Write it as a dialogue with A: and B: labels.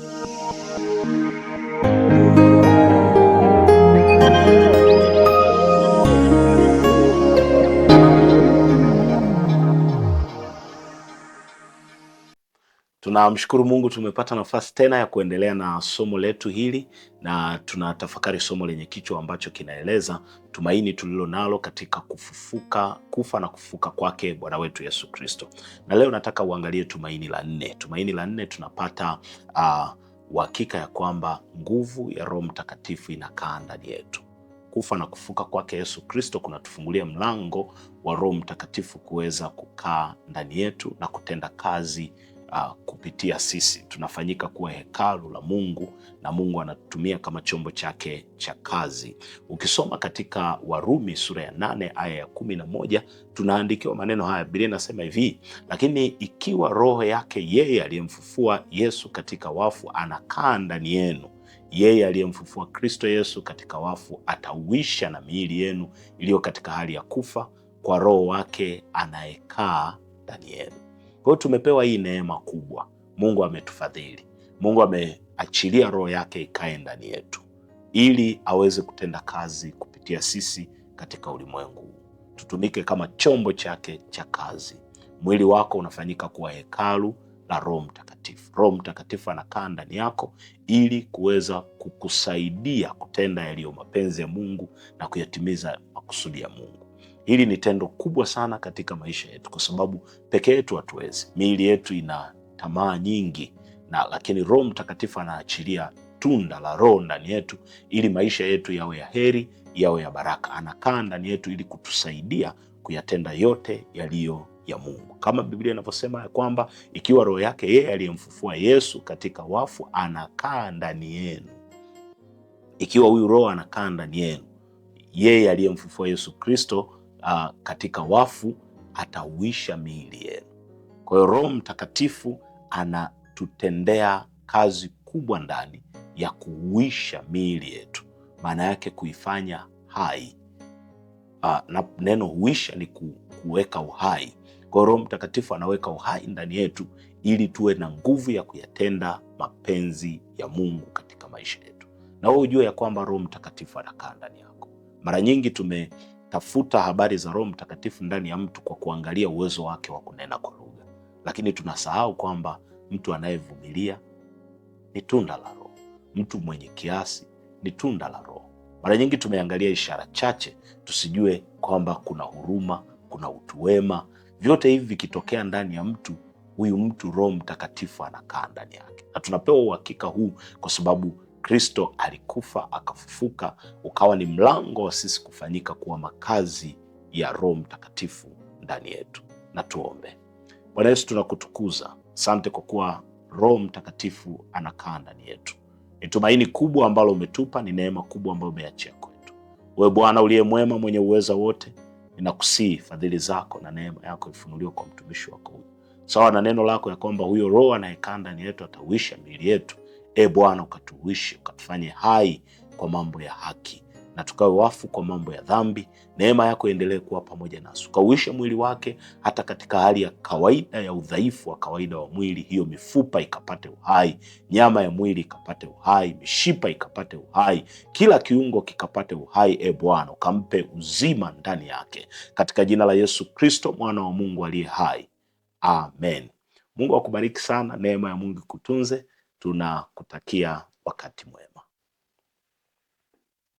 A: Thank you. Tunamshukuru Mungu tumepata nafasi tena ya kuendelea na somo letu hili na tunatafakari somo lenye kichwa ambacho kinaeleza tumaini tulilo nalo katika kufufuka, kufa na kufufuka kwake Bwana wetu Yesu Kristo. Na leo nataka uangalie tumaini la nne. Tumaini la nne tunapata uhakika ya kwamba nguvu ya Roho Mtakatifu inakaa ndani yetu. Kufa na kufuka kwake Yesu Kristo kunatufungulia mlango wa Roho Mtakatifu kuweza kukaa ndani yetu na kutenda kazi uh, kupitia sisi tunafanyika kuwa hekalu la Mungu na Mungu anatutumia kama chombo chake cha kazi. Ukisoma katika Warumi sura ya nane aya ya kumi na moja tunaandikiwa maneno haya. Biblia inasema hivi: lakini ikiwa roho yake yeye aliyemfufua Yesu katika wafu anakaa ndani yenu yeye aliyemfufua Kristo Yesu katika wafu atauisha na miili yenu iliyo katika hali ya kufa kwa Roho wake anayekaa ndani yenu. Kwa hiyo tumepewa hii neema kubwa, Mungu ametufadhili, Mungu ameachilia roho yake ikae ndani yetu ili aweze kutenda kazi kupitia sisi katika ulimwengu huu. Tutumike kama chombo chake cha kazi. Mwili wako unafanyika kuwa hekalu la Roho Mtakatifu. Roho Mtakatifu anakaa ndani yako ili kuweza kukusaidia kutenda yaliyo mapenzi ya Mungu na kuyatimiza makusudi ya Mungu. Hili ni tendo kubwa sana katika maisha yetu, kwa sababu peke yetu hatuwezi. Miili yetu ina tamaa nyingi na lakini Roho Mtakatifu anaachilia tunda la Roho ndani yetu ili maisha yetu yawe ya heri, yawe ya baraka. Anakaa ndani yetu ili kutusaidia kuyatenda yote yaliyo ya Mungu, kama Biblia inavyosema ya kwamba ikiwa Roho yake yeye aliyemfufua Yesu katika wafu anakaa ndani yenu. Ikiwa huyu Roho anakaa ndani yenu, yeye aliyemfufua Yesu Kristo uh, katika wafu atauisha miili yenu. Kwa hiyo Roho Mtakatifu anatutendea kazi kubwa ndani ya kuuisha miili yetu, maana yake kuifanya hai. Uh, na neno huisha ni ku, kuweka uhai. Kwa hiyo Roho Mtakatifu anaweka uhai ndani yetu ili tuwe na nguvu ya kuyatenda mapenzi ya Mungu katika maisha yetu, na wewe ujue ya kwamba Roho Mtakatifu anakaa ndani yako. Mara nyingi tume tafuta habari za Roho Mtakatifu ndani ya mtu kwa kuangalia uwezo wake wa kunena kwa lugha, lakini tunasahau kwamba mtu anayevumilia ni tunda la Roho, mtu mwenye kiasi ni tunda la Roho. Mara nyingi tumeangalia ishara chache tusijue kwamba kuna huruma, kuna utu wema. Vyote hivi vikitokea ndani ya mtu huyu, mtu Roho Mtakatifu anakaa ndani yake, na tunapewa uhakika huu kwa sababu Kristo alikufa akafufuka, ukawa ni mlango wa sisi kufanyika kuwa makazi ya Roho Mtakatifu ndani yetu. Na tuombe. Bwana Yesu, tunakutukuza, asante kwa kuwa Roho Mtakatifu anakaa ndani yetu. Ni tumaini kubwa ambalo umetupa, ni neema kubwa ambayo umeachia kwetu. Wewe Bwana uliye mwema, mwenye uweza wote, ninakusii fadhili zako na neema yako ifunuliwe kwa mtumishi wako huyu, sawa na neno lako ya kwamba huyo Roho anayekaa ndani yetu atauisha miili yetu E Bwana, ukatuishi ukatufanye hai kwa mambo ya haki na tukawe wafu kwa mambo ya dhambi. Neema yako endelee kuwa pamoja nasi, ukauishe mwili wake hata katika hali ya kawaida ya udhaifu wa kawaida wa mwili, hiyo mifupa ikapate uhai, nyama ya mwili ikapate uhai, mishipa ikapate uhai, kila kiungo kikapate uhai. E Bwana, ukampe uzima ndani yake, katika jina la Yesu Kristo, mwana wa Mungu aliye hai, amen. Mungu akubariki sana, neema ya Mungu ikutunze tunakutakia wakati mwema.